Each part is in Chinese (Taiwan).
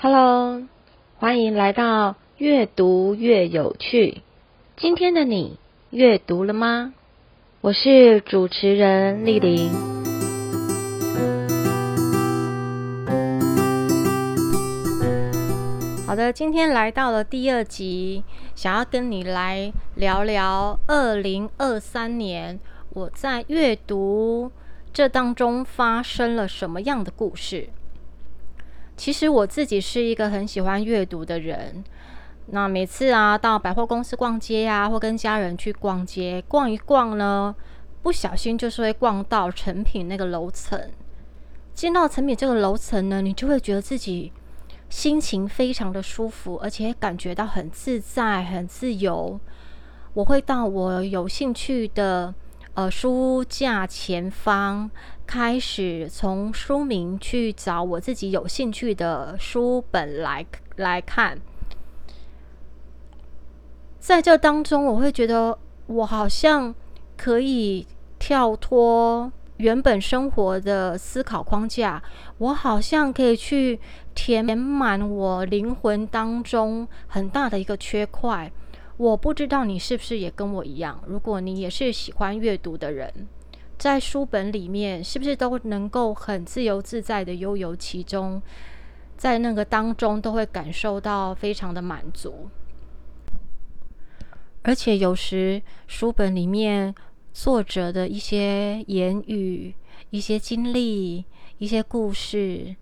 哈嘍，Hello, 歡迎來到越讀越有趣。今天的你閱讀了嗎？我是主持人俐霖。好的，今天來到了第二集，想要跟你來聊聊二零二三年我在閱讀這當中發生了什麼樣的故事。其實我自己是一個很喜歡閱讀的人。那每次啊，到百貨公司逛街呀、啊，或跟家人去逛街逛一逛呢，不小心就是會逛到誠品那個樓層。進到誠品這個樓層呢，你就會覺得自己心情非常的舒服，而且感覺到很自在、很自由。我會到我有興趣的，呃，書架前方開始從書名去找我自己有興趣的書本來來看，在這當中，我會覺得我好像可以跳脫原本生活的思考框架，我好像可以去填滿我靈魂當中很大的一個缺塊。我不知道你是不是也跟我一樣，如果你也是喜歡閱讀的人，在書本裡面是不是都能夠很自由自在的悠游其中，在那個當中都會感受到非常的滿足，而且有時書本裡面作者的一些言語、一些經歷、一些故事，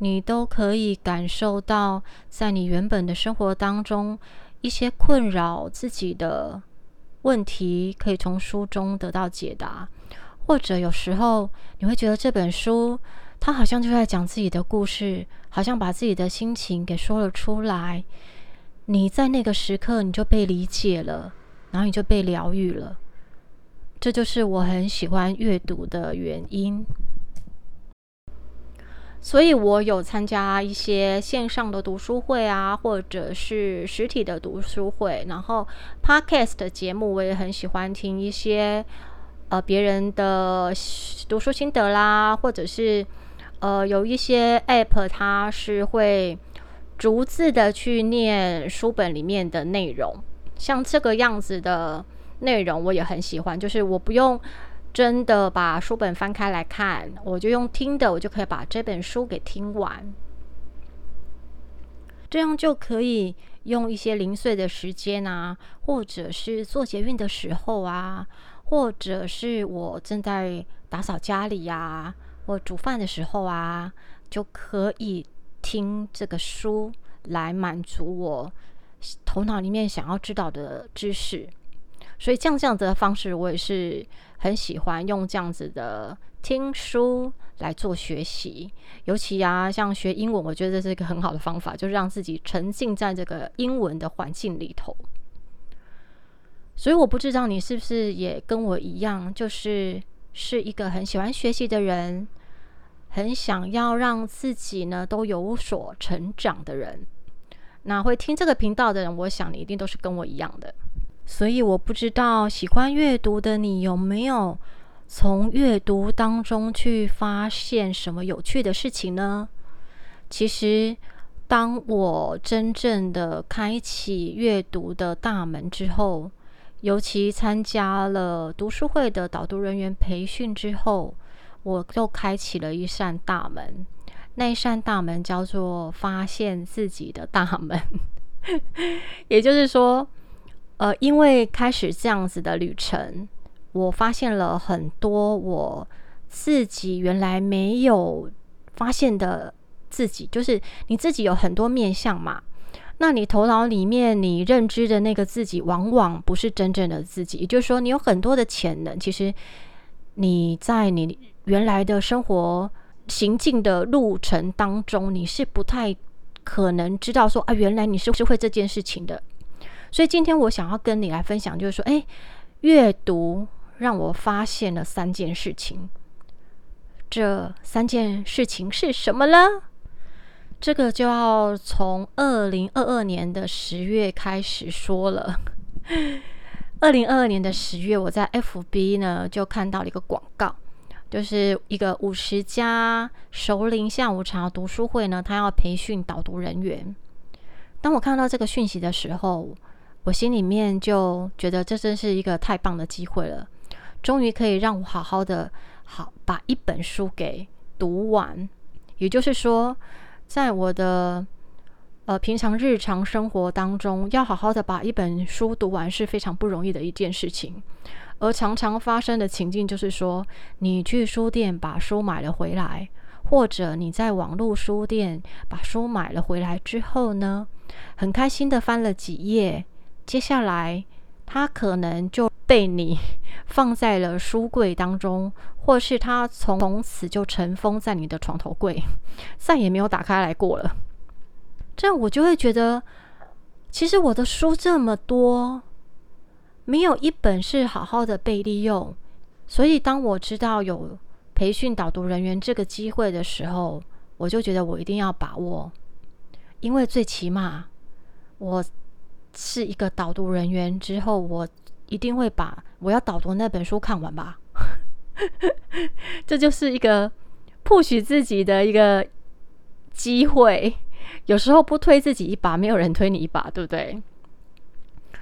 你都可以感受到在你原本的生活當中。一些困擾自己的問題，可以從書中得到解答，或者有時候你會覺得這本書，它好像就在講自己的故事，好像把自己的心情給說了出來。你在那個時刻，你就被理解了，然後你就被療癒了。這就是我很喜歡閱讀的原因。所以，我有參加一些線上的讀書會啊，或者是實體的讀書會，然後 podcast 的節目我也很喜歡聽一些呃別人的讀書心得啦，或者是呃有一些 app 它是會逐字的去念書本裡面的內容，像這個樣子的內容我也很喜歡，就是我不用。真的把書本翻開來看，我就用聽的，我就可以把這本書給聽完。這樣就可以用一些零碎的時間啊，或者是坐捷運的時候啊，或者是我正在打掃家裡呀、啊，我煮飯的時候啊，就可以聽這個書來滿足我頭腦裡面想要知道的知識。所以這樣子的方式，我也是很喜歡用這樣子的聽書來做學習。尤其啊，像學英文，我覺得這是一個很好的方法，就是讓自己沉浸在這個英文的環境裡頭。所以我不知道你是不是也跟我一樣，就是是一個很喜歡學習的人，很想要讓自己呢都有所成長的人。那會聽這個頻道的人，我想你一定都是跟我一樣的。所以我不知道喜歡閱讀的你有沒有從閱讀當中去發現什麼有趣的事情呢？其實，當我真正的開啟閱讀的大門之後，尤其參加了讀書會的導讀人員培訓之後，我就開啟了一扇大門。那一扇大門叫做發現自己的大門， 也就是說。呃，因為開始這樣子的旅程，我發現了很多我自己原來沒有發現的自己。就是你自己有很多面向嘛，那你頭腦裡面你認知的那個自己，往往不是真正的自己。也就是說，你有很多的潛能，其實你在你原來的生活行進的路程當中，你是不太可能知道說啊，原來你是是會這件事情的。所以今天我想要跟你來分享，就是說，哎、欸，閱讀讓我發現了三件事情。這三件事情是什麼呢？這個就要從二零二二年的十月開始說了。二零二二年的十月，我在 FB 呢就看到了一個廣告，就是一個五十加熟齡下午茶讀書會呢，他要培訓導讀人員。當我看到這個訊息的時候，我心裡面就覺得這真是一個太棒的機會了，終於可以讓我好好的好把一本書給讀完。也就是說，在我的呃平常日常生活當中，要好好的把一本書讀完是非常不容易的一件事情。而常常發生的情境就是說，你去書店把書買了回來，或者你在網路書店把書買了回來之後呢，很開心的翻了幾頁。接下來，他可能就被你放在了書櫃當中，或是他從此就塵封在你的床頭櫃，再也沒有打開來過了。這樣我就會覺得，其實我的書這麼多，沒有一本是好好的被利用。所以當我知道有培訓導讀人員這個機會的時候，我就覺得我一定要把握，因為最起碼我。是一個導讀人員之後，我一定會把我要導讀那本書看完吧。 這就是一個 push 自己的一個機會。有時候不推自己一把，沒有人推你一把，對不對？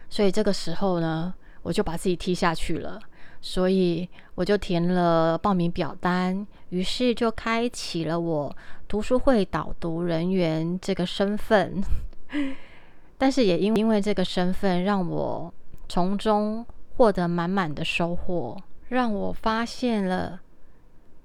所以這個時候呢，我就把自己踢下去了。所以我就填了報名表單，於是就開啟了我讀書會導讀人員這個身份。但是也因為，因為這個身份，讓我從中獲得滿滿的收穫，讓我發現了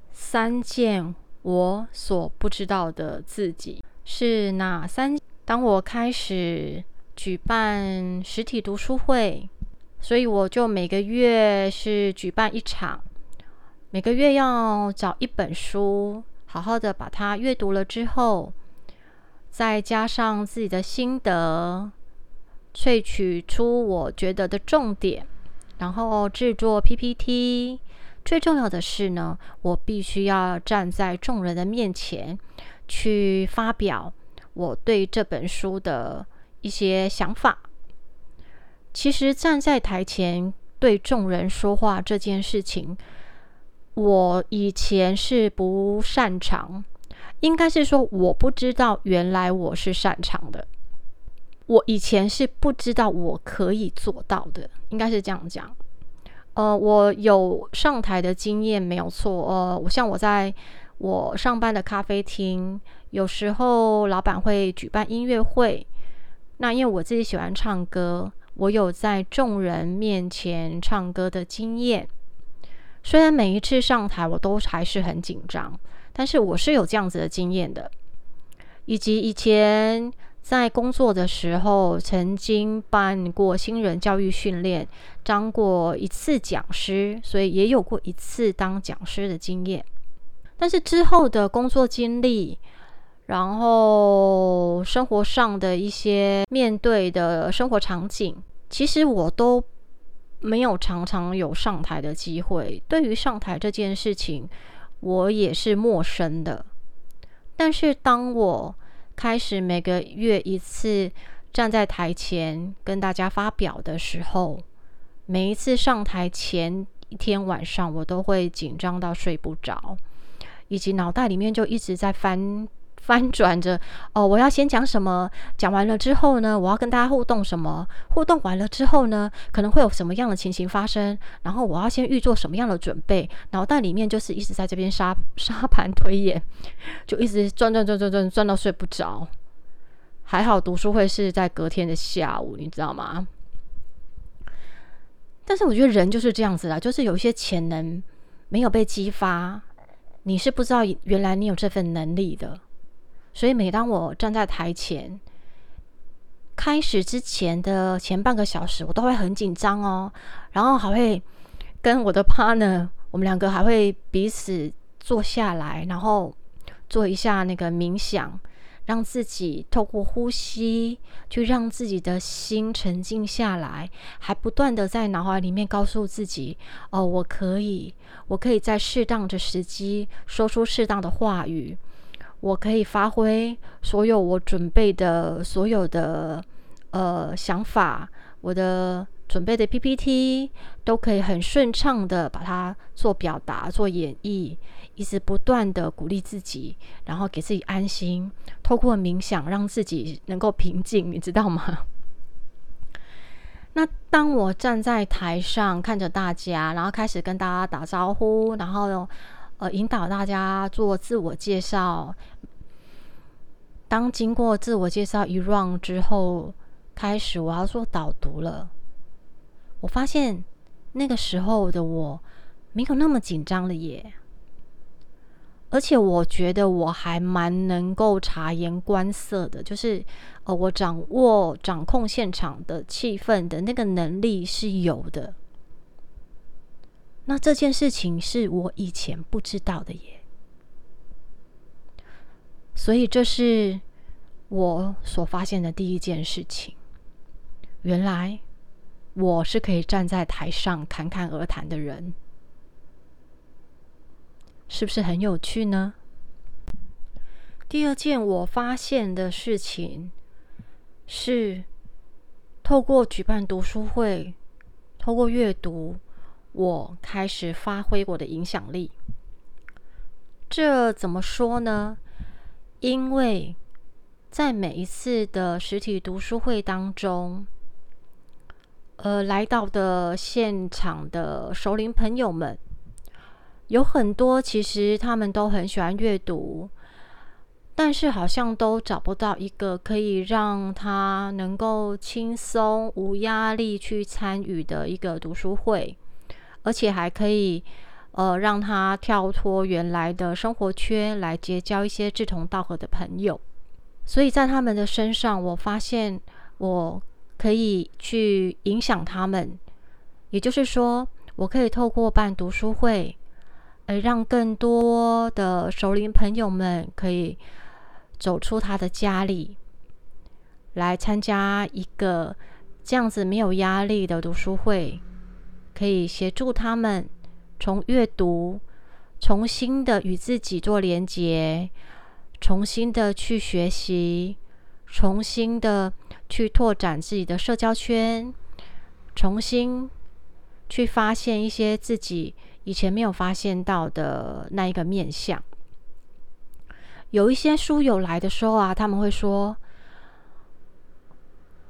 三件我所不知道的自己，是哪三件？當我開始舉辦實體讀書會，所以我就每個月是舉辦一場，每個月要找一本書，好好的把它閱讀了之後。再加上自己的心得，萃取出我覺得的重點，然後製作 PPT。最重要的是呢，我必須要站在眾人的面前去發表我對這本書的一些想法。其實站在台前對眾人說話這件事情，我以前是不擅長。應該是說，我不知道原來我是擅長的，我以前是不知道我可以做到的，應該是這樣講。呃，我有上台的經驗沒有錯。呃，我像我在我上班的咖啡廳，有時候老闆會舉辦音樂會，那因為我自己喜歡唱歌，我有在眾人面前唱歌的經驗。雖然每一次上台，我都還是很緊張。但是我是有這樣子的經驗的，以及以前在工作的時候，曾經辦過新人教育訓練，當過一次講師，所以也有過一次當講師的經驗。但是之後的工作經歷，然後生活上的一些面對的生活場景，其實我都沒有常常有上台的機會。對於上台這件事情。我也是陌生的，但是當我開始每個月一次站在台前跟大家發表的時候，每一次上台前一天晚上，我都會緊張到睡不着，以及腦袋裡面就一直在翻。翻轉着哦，我要先講什麼？講完了之後呢，我要跟大家互動什麼？互動完了之後呢，可能會有什麼樣的情形發生？然後我要先預做什麼樣的準備？腦袋裡面就是一直在這邊沙沙盤推演，就一直轉轉轉轉轉轉到睡不着。還好讀書會是在隔天的下午，你知道嗎？但是我覺得人就是這樣子啦，就是有一些潛能沒有被激發，你是不知道原來你有這份能力的。所以每當我站在台前，開始之前的前半個小時，我都會很緊張哦。然後還會跟我的 partner，我們兩個還會彼此坐下來，然後做一下那個冥想，讓自己透過呼吸，去讓自己的心沉靜下來。還不斷的在腦海裡面告訴自己：“哦，我可以，我可以在適當的時機說出適當的話語。”我可以發揮所有我準備的所有的呃想法，我的準備的 PPT 都可以很順暢的把它做表達、做演繹，一直不斷的鼓勵自己，然後給自己安心，透過冥想讓自己能夠平靜，你知道嗎？那當我站在台上看着大家，然後開始跟大家打招呼，然後。呃，引導大家做自我介紹。當經過自我介紹一 round 之後，開始我要做導讀了。我發現那個時候的我沒有那麼緊張了耶，而且我覺得我還蠻能夠察言觀色的，就是呃，我掌握掌控現場的氣氛的那個能力是有的。那這件事情是我以前不知道的耶，所以這是我所發現的第一件事情。原來我是可以站在台上侃侃而談的人，是不是很有趣呢？第二件我發現的事情是，透過舉辦讀書會，透過閱讀。我開始發揮我的影響力，這怎麼說呢？因為在每一次的實體讀書會當中，呃，來到的現場的熟齡朋友們有很多，其實他們都很喜歡閱讀，但是好像都找不到一個可以讓他能夠輕鬆無壓力去參與的一個讀書會。而且還可以，呃，讓他跳脫原來的生活圈，來結交一些志同道合的朋友。所以，在他們的身上，我發現我可以去影響他們。也就是說，我可以透過辦讀書會，而讓更多的熟齡朋友們可以走出他的家裡，來參加一個這樣子沒有壓力的讀書會。可以協助他們從閱讀，重新的與自己做連接，重新的去學習，重新的去拓展自己的社交圈，重新去發現一些自己以前沒有發現到的那一個面向。有一些書友來的時候啊，他們會說。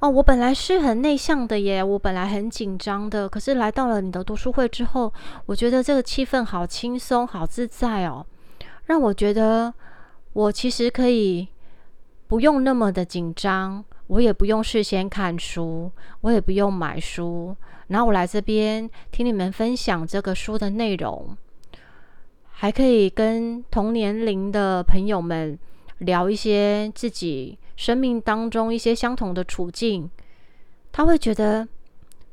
哦，我本來是很內向的耶，我本來很緊張的，可是來到了你的讀書會之後，我覺得這個氣氛好輕鬆、好自在哦，讓我覺得我其實可以不用那麼的緊張，我也不用事先看書，我也不用買書，然後我來這邊聽你們分享這個書的內容，還可以跟同年齡的朋友們聊一些自己。生命當中一些相同的處境，他會覺得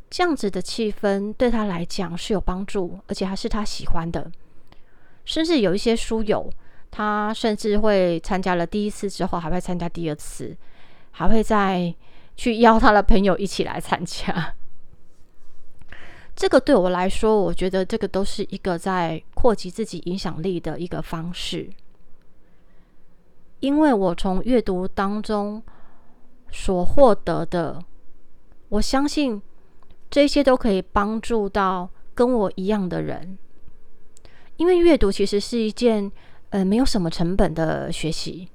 這樣子的氣氛對他來講是有幫助，而且還是他喜歡的。甚至有一些書友，他甚至會參加了第一次之後，還會參加第二次，還會再去邀他的朋友一起來參加。這個對我來說，我覺得這個都是一個在擴及自己影響力的一個方式。因為我從閱讀當中所獲得的，我相信這些都可以幫助到跟我一樣的人。因為閱讀其實是一件呃沒有什麼成本的學習，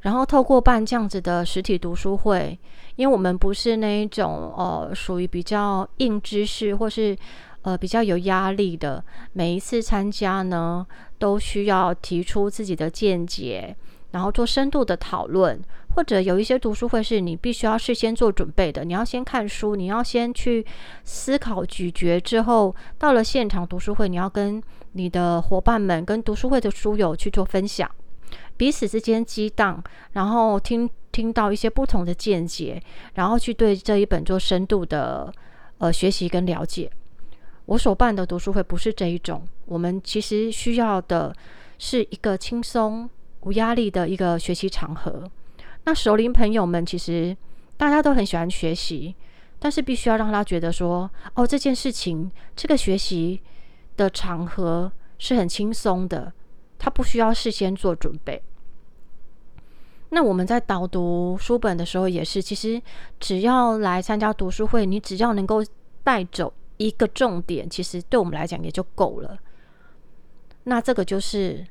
然後透過辦這樣子的實體讀書會，因為我們不是那一種呃屬於比較硬知識或是。呃，比較有壓力的，每一次參加呢，都需要提出自己的見解，然後做深度的討論。或者有一些讀書會是你必須要事先做準備的，你要先看書，你要先去思考、咀嚼之後，到了現場讀書會，你要跟你的夥伴們、跟讀書會的書友去做分享，彼此之間激盪，然後聽聽到一些不同的見解，然後去對這一本做深度的呃學習跟了解。我所辦的讀書會不是這一種，我們其實需要的是一個輕鬆、無壓力的一個學習場合。那熟齡朋友們其實大家都很喜歡學習，但是必須要讓他覺得說，哦，這件事情、這個學習的場合是很輕鬆的，他不需要事先做準備。那我們在導讀書本的時候也是，其實只要來參加讀書會，你只要能夠帶走，一個重點，其實對我們來講也就夠了。那這個就是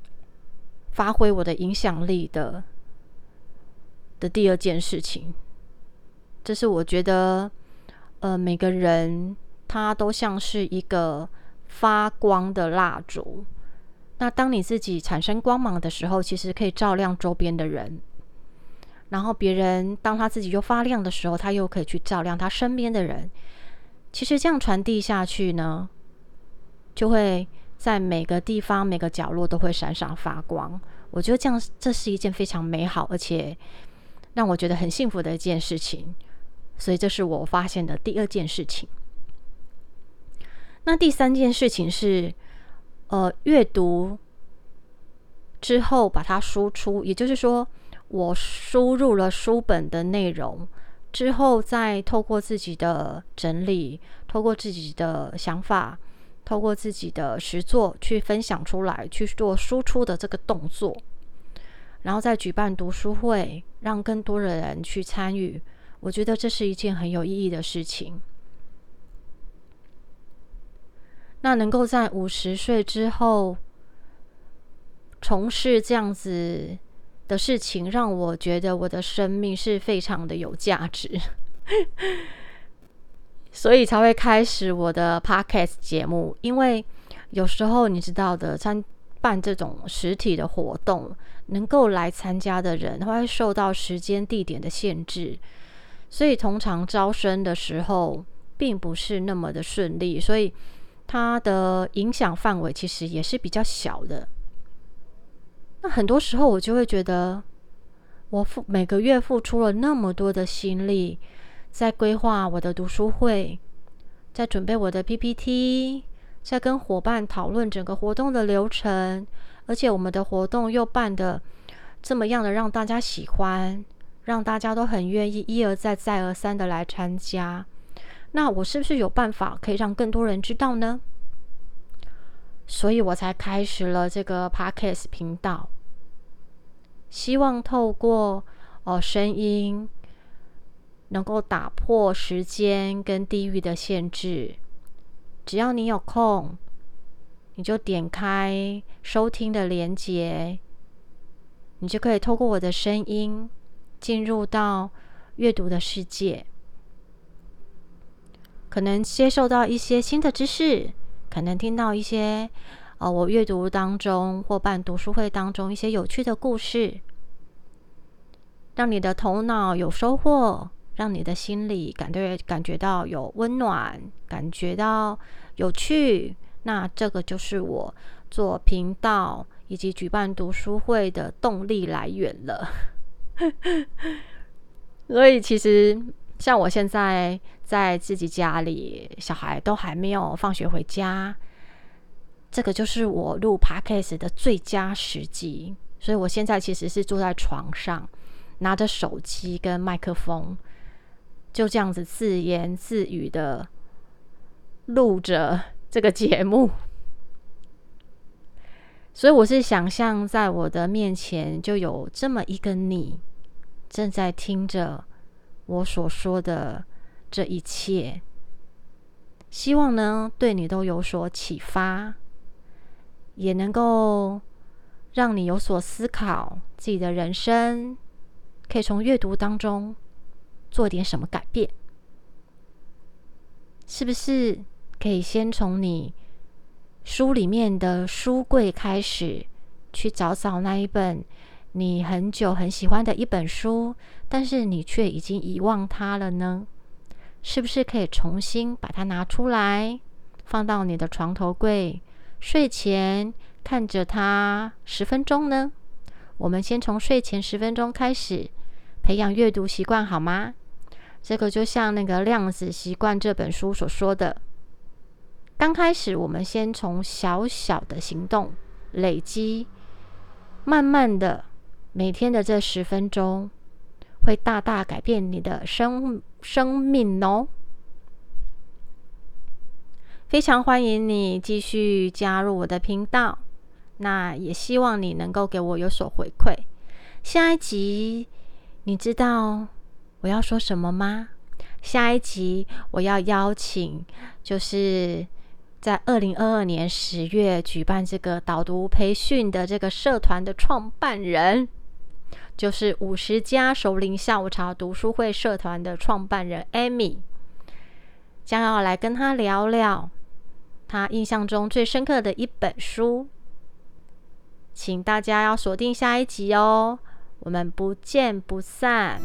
發揮我的影響力的的第二件事情。這是我覺得，呃，每個人他都像是一個發光的蠟燭。那當你自己產生光芒的時候，其實可以照亮周邊的人。然後別人當他自己又發亮的時候，他又可以去照亮他身邊的人。其實這樣傳遞下去呢，就會在每個地方、每個角落都會閃閃發光。我覺得這樣，這是一件非常美好，而且讓我覺得很幸福的一件事情。所以，這是我發現的第二件事情。那第三件事情是，呃，閱讀之後把它輸出，也就是說，我輸入了書本的內容。之後，再透過自己的整理，透過自己的想法，透過自己的實作去分享出來，去做輸出的這個動作，然後再舉辦讀書會，讓更多的人去參與。我覺得這是一件很有意義的事情。那能夠在五十歲之後從事這樣子。的事情讓我覺得我的生命是非常的有價值， 所以才會開始我的 podcast 節目。因為有時候你知道的，參辦這種實體的活動，能夠來參加的人他會受到時間、地點的限制，所以通常招生的時候並不是那麼的順利，所以它的影響範圍其實也是比較小的。那很多時候，我就會覺得，我付每個月付出了那麼多的心力，在規劃我的讀書會，在準備我的 PPT，在跟夥伴討論整個活動的流程，而且我們的活動又辦的這麼樣的讓大家喜歡，讓大家都很願意一而再再而三的來參加。那我是不是有辦法可以讓更多人知道呢？所以我才開始了這個 Podcast 頻道。希望透過哦、呃、聲音，能夠打破時間跟地域的限制。只要你有空，你就點開收聽的連接。你就可以透過我的聲音，進入到閱讀的世界，可能接受到一些新的知識，可能聽到一些呃，我閱讀當中或辦讀書會當中一些有趣的故事。讓你的頭腦有收穫，讓你的心裡感覺感覺到有溫暖，感覺到有趣。那這個就是我做頻道以及舉辦讀書會的動力來源了。 所以，其實像我現在在自己家裡，小孩都還沒有放學回家，這個就是我錄 Podcast 的最佳時機。所以我現在其實是坐在床上。拿着手機跟麥克風，就這樣子自言自語的錄着這個節目。所以我是想象在我的面前就有這麼一個你，正在聽着我所說的這一切。希望呢，對你都有所啟發，也能夠讓你有所思考自己的人生。可以從閱讀當中做點什麼改變？是不是可以先從你書裡面的書櫃開始，去找找那一本你很久很喜歡的一本書，但是你卻已經遺忘它了呢？是不是可以重新把它拿出來，放到你的床頭櫃，睡前看着它十分鐘呢？我們先從睡前十分鐘開始培養閱讀習慣，好嗎？這個就像那個《量子習慣》這本書所說的，剛開始我們先從小小的行動累積，慢慢的每天的這十分鐘會大大改變你的生生命哦。非常歡迎你繼續加入我的頻道。那也希望你能夠給我有所回饋。下一集，你知道我要說什麼嗎？下一集我要邀請，就是在二零二二年十月舉辦這個導讀培訓的這個社團的創辦人，就是 50+ 熟齡下午茶讀書會社團的創辦人 Amy，將要來跟他聊聊他印象中最深刻的一本書。請大家要鎖定下一集哦，我們不見不散。